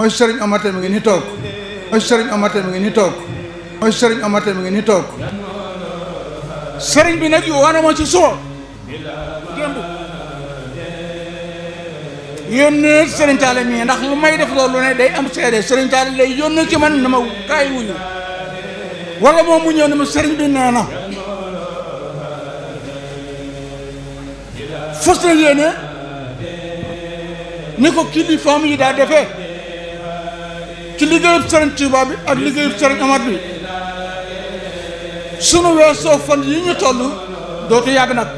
mooy sëriñ Omar Teye mi ngi ni toog mooy sëriñ mi ngi ni toog mooy mi ngi ni toog bi nag yu wana moo ci suba démb yónnee sëriñ Talla mii ndax lu may def loolu ne day am seede sëriñ Talla lay yónnee ci man na ma kaay wuñu wala moom mu ñëw ne ma sëriñ bi nee na na yéene ni ko kilifaam yi daa defee ci liggéeyub Sëriñ Tuubaa bi ak liggéeyub Sëriñ Amat bi sunu weesoo fan yi ñu toll dootu yàgg nag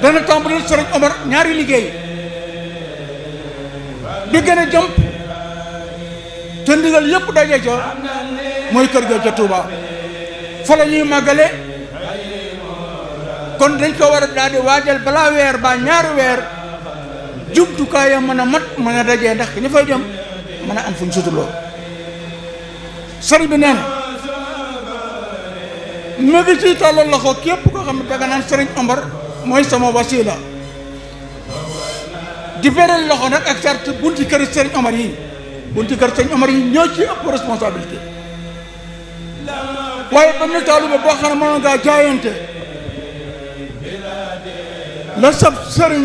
dana tàmbali Sëriñ Omar ñaari liggéey bi gën a jëm te ndigal yëpp daje ca mooy kër ga ca Tuubaa fa ñuy màggale kon dañ ko war a daal di waajal balaa weer ba ñaari weer jumtukaay ya mën a mat mën a dajee ndax ñu fay dem mën a am fu ñu suturloo sëriñ bi nee na mu tàllal loxo képp koo xam ne danga naan sëriñ Omar mooy sama wasila di beral loxo nag ak sart bunti kër sëriñ Omar yi bunti kër sëriñ Omar yi ñoo ci ëpp responsabilité waaye ba ñu taalibe boo xam ne mën ngaa jaayante la sab sëriñ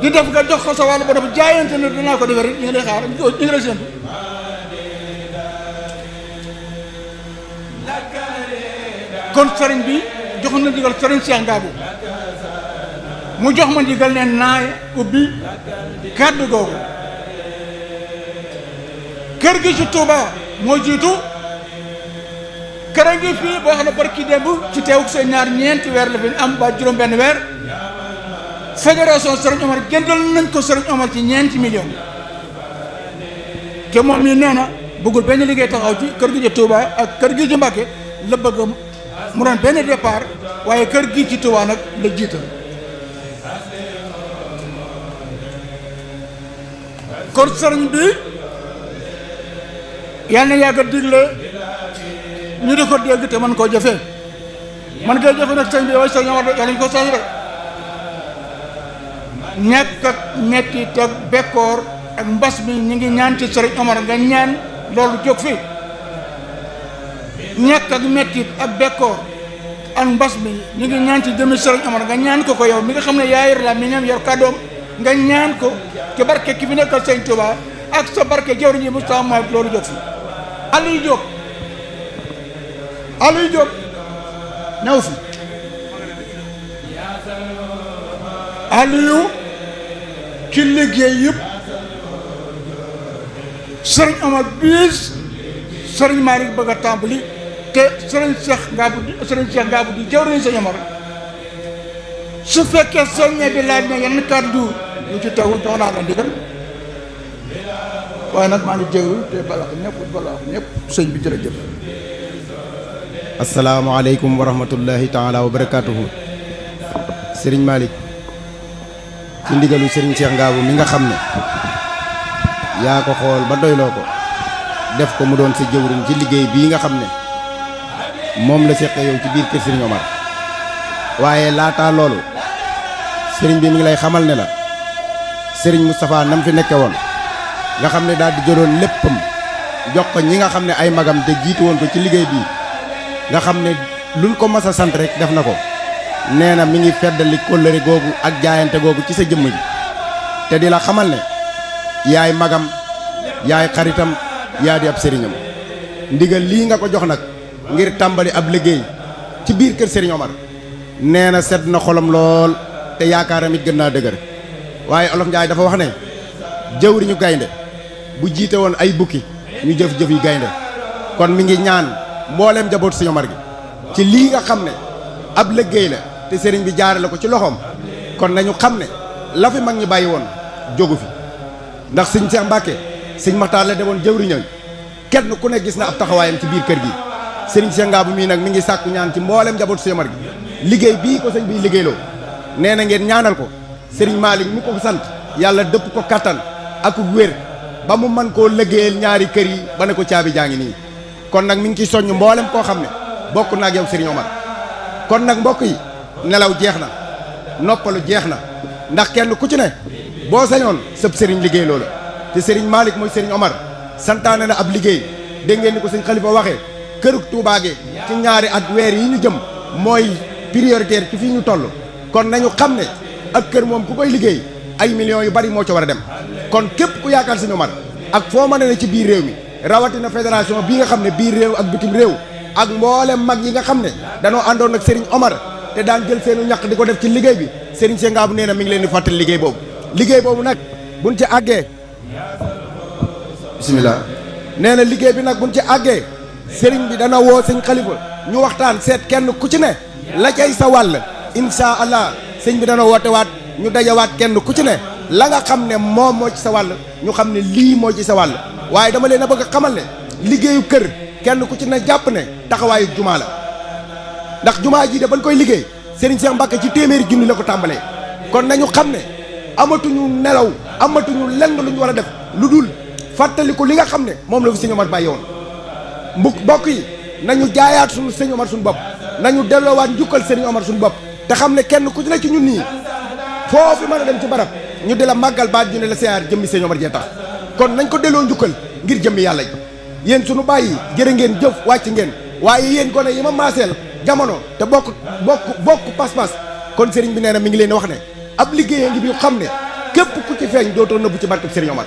di def ga jox ko sa walu borom jaayante na dina ko defal ñu lay xaar ñu ngi lay kon serigne bi jox na digal serigne cheikh ngabu mu jox ma digal ne naay ubi kaddu gogo kër gi ci touba mo jitu këra gi fi bo xana barki dembu ci tewuk sey ñaar ñent weer la fi am ba juroom ben weer fédération Serigne Omar gëndal nañ ko Serigne Omar ci ñeenti million te moom mii nee na benn liggéey taxaw ci kër gi ci Touba ak kër gi ci Mbàkke la bëgg mu doon benn départ waaye kër gi ci Touba nag la jiital kon sëriñ bi yal na yàgg a digle ñu di ko dégg te man koo jëfee man koy jëfe nag sëriñ bi waaye sëriñ Omar yal nañu ko sëriñ ñàkk ak mettit ak bekkoor ak mbas mi ñu ngi ñaan ci sëriñ Omar nga ñaan loolu jóg fi ñàkk ak mettit ak bekkoor ak mbas mi ñu ngi ñaan ci jëmmi sëriñ Omar nga ñaan ko ko yow mi nga xam ne yaa yor la mi ñam yor kàddoom nga ñaan ko ci barke ki fi nekkal sëñ Touba ak sa barke jawriñ ji Moustapha Malick loolu jóg fi Aliou Diop Aliou Diop fi Aliou ci liggéey yëpp sëriñ Omar Bis sëriñ Malick bëgg a tàmbali te sëriñ Cheikh Ngabou di sëriñ Cheikh Ngabou di jawriñ su fekkee soññee bi laaj na yenn kàddu lu ci tawul jox naa la ndigal waaye nag maa ngi jéggalu te balaax ñëpp balaax ñëpp sëñ bi jërëjëf asalaamaaleykum wa rahmatullahi taala wa barakaatuhu sëriñ Malick ci ndigalu Serigne Cheikh Ngabou mi nga xam ne yaa ko xool ba doyloo ko def ko mu doon si jëwriñ ci liggéey bii nga xam ne moom la seqe yow ci biir kër Serigne Omar waaye laataa loolu Serigne bi mi ngi lay xamal ne la Serigne safaa nam fi nekke woon nga xam ne daal di jëloon léppam jox ko ñi nga xam ne ay magam te jiitu woon ko ci liggéey bii nga xam ne luñ ko mas a sant rek def na ko nee na mi ngi feddali kóllëre googu ak jaayante googu ci sa jëmm te di la xamal ne yaay magam yaay xaritam yaa di ab sëriñam ndigal lii nga ko jox nag ngir tàmbali ab liggéey ci biir kër sëriñ Omar nee na sedd na xolam lool te yaakaaram it gën naa dëgër waaye olof Njaay dafa wax ne jëwriñu gaynde bu jiite woon ay bukki ñu jëf jëf gaynde kon mi ngi ñaan mbooleem jaboot sëriñ Omar gi ci lii nga xam ne ab liggéey la te sëriñ bi jaare ko ci loxoom kon nañu xam ne la mag ñi bàyyi woon jógu fi ndax sëñ Seex Mbàkke sëñ Maxtaar la demoon jëwriñam kenn ku ne gis na ab taxawaayam ci biir kër gi sëriñ Seex Ngaabu mii nag mi ngi sàkku ñaan ci mboolem njabootu Seex Umar gi liggéey bii ko sëñ bi liggéeyloo nee na ngeen ñaanal ko sëriñ Maalik mu ko sant yàlla dëpp ko kattan ak wér ba mu mën koo liggéeyal ñaari kër yi ba ne ko caabi jaa ngi nii kon nag mi ngi ciy soññ mboolem koo xam ne bokk na ak yow sëriñ kon nag mbokk yi nelaw jeex na noppalu jeex na ndax kenn ku ci ne boo sañoon sëb sëriñ liggéey loolu te sëriñ Malick mooy sëriñ Omar santaane na ab liggéey dégg ngeen ni ko sëñ Xalifa waxee këruk Tuubaa gi ci ñaari ak weer yi ñu jëm mooy prioritaire ci fii ñu toll kon nañu xam ne ak kër moom ku koy liggéey ay millions yu bari moo ci war a dem kon képp ku yaakaar sëñ Omar ak foo mën a ne ci biir réew mi rawatina fédération bii nga xam ne biir réew ak bitim réew ak mboolem mag yi nga xam ne danoo àndoon ak sëriñ Omar te daan jël seenu ñaq di ko def ci liggéey bi seen Senga bu nee mi ngi leen di fàttali liggéey boobu liggéey boobu nag buñ ci àggee bisimilah nee na liggéey bi nag buñ ci àggee Serigne bi dana woo sëñ xalifa ñu waxtaan seet kenn ku ci ne la cay sa wàll insa allah sëñ bi dana woote waat ñu dajawaat kenn ku ci ne la nga xam ne moom moo ci sa wàll ñu xam ne lii moo ci sa wàll waaye dama leen a bëgg a xamal ne liggéeyu kër kenn ku ci ne jàpp ne taxawaayu jumaa la ndax jumaa jii de bañ koy liggéey Serigne Cheikh Mbacke ci téeméeri junni la ko tàmbalee kon nañu xam ne amatuñu nelaw amatuñu lenn lu ñu war def lu dul fàttaliku li nga xam ne moom la fi sëñ Omar bàyyi woon mbokk mbokk yi nañu jaayaat suñu sëñ Omar suñu bopp nañu delloowaat njukkal seen Omar suñu bopp te xam ne kenn ku ci ne ci ñun nii foofu mën a dem ci barab ñu di la màggal baat ñu ne la siyaar jëmmi sëñ Omar jee tax kon nañ ko delloo njukkal ngir yàlla ji yéen suñu bàyyi jërë ngeen jëf wàcc ngeen waaye yéen gone yi ma maaseel jamono te bokk bokk bokk pas-pas kon sëriñ bi nee na mi ngi leen wax ne ab liggéeyee ngi bi xam ne képp ku ci feeñ dootoo nëbbu ci barkeb sëriñ Omar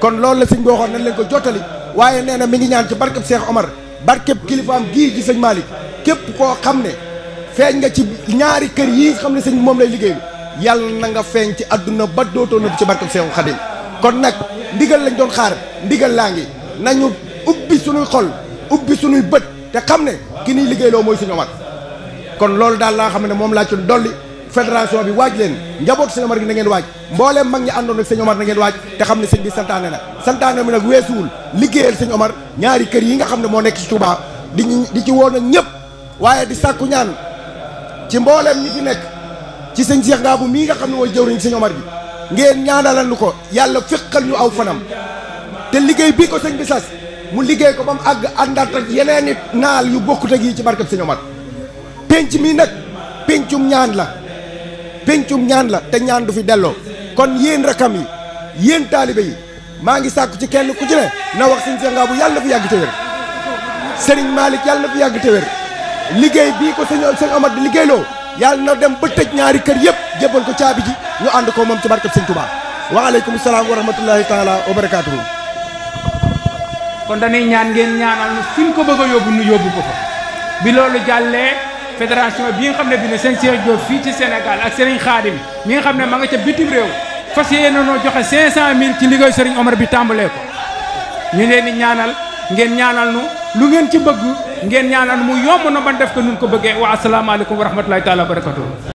kon loolu la sëñ bi waxoon nañ leen ko jottali waaye nee na mi ngi ñaan ci barkeb Cheikh Omar barkeb kilifaam gii ci sëñ Malick képp koo xam ne feeñ nga ci ñaari kër yii xam ne sëñ moom lay liggéey yàlla na nga feeñ ci àdduna ba dootoo nëbbu ci barkeb Cheikh Khadim kon nag ndigal lañ doon xaar ndigal laa ngi nañu ubbi suñuy xol ubbi suñuy bët te xam ne ki niy liggéeyloo mooy sëñ Omar kon loolu daal laa xam ne moom laa ci dolli fédération bi waaj leen njaboot sëñ Omar gi na ngeen waaj mbooleem mag ñi àndoon ak Omar na ngeen waaj te xam ne sëñ bi santaane na santaane bi nag weesuwul liggéeyal sëñ Omar ñaari kër yi nga xam ne moo nekk ci Touba di di ci woon ak ñëpp waaye di sàkku ñaan ci mbooleem ñi fi nekk ci sëñ Cheikh Daabu mii nga xam ne mooy jëwriñ sëñ Omar bi ngeen ñaanalal ko yàlla féqal ñu aw fanam liggéey bii ko sëñ bi sas mu liggéey ko ba mu àgg àndaat ak yeneen i naal yu bokkut ak yi ci barkeb Sëñ Omar penc mi nag pencum ñaan la pencum ñaan la te ñaan du fi delloo kon yéen rakam yi yéen taalibe yi maa ngi sàkku ci kenn ku ci na wax sëñ Séngaa bu yàlla na yàgg te wér seriñ Malick yàlla na fi yàgg te wér liggéey bii ko sëñ sëñ Omar di liggéeyloo yàlla na dem ba tëj ñaari kër yëpp jébbal ko caabi ji ñu ànd ko moom ci barkeb sëñ Touba waaleykum salaam wa rahmatullahi taala wa barakaatuhu kon dañuy ñaan ngeen ñaanal nu fi ñu ko bëgg yóbbu nu yóbbu ko fa bi loolu jàllee fédération bi nga xam ne bi ne seen Cheikh fii ci Sénégal ak Serigne Khadim mi nga xam ne ma nga ca bitim réew fas yéene noo joxe 500000 ci liggéey Serigne Omar bi tàmbalee ko ñu leen di ñaanal ngeen ñaanal nu lu ngeen ci bëgg ngeen ñaanal mu yomb na ban def ko nun ko bëggee wa asalaamaaleykum wa rahmatulahi taala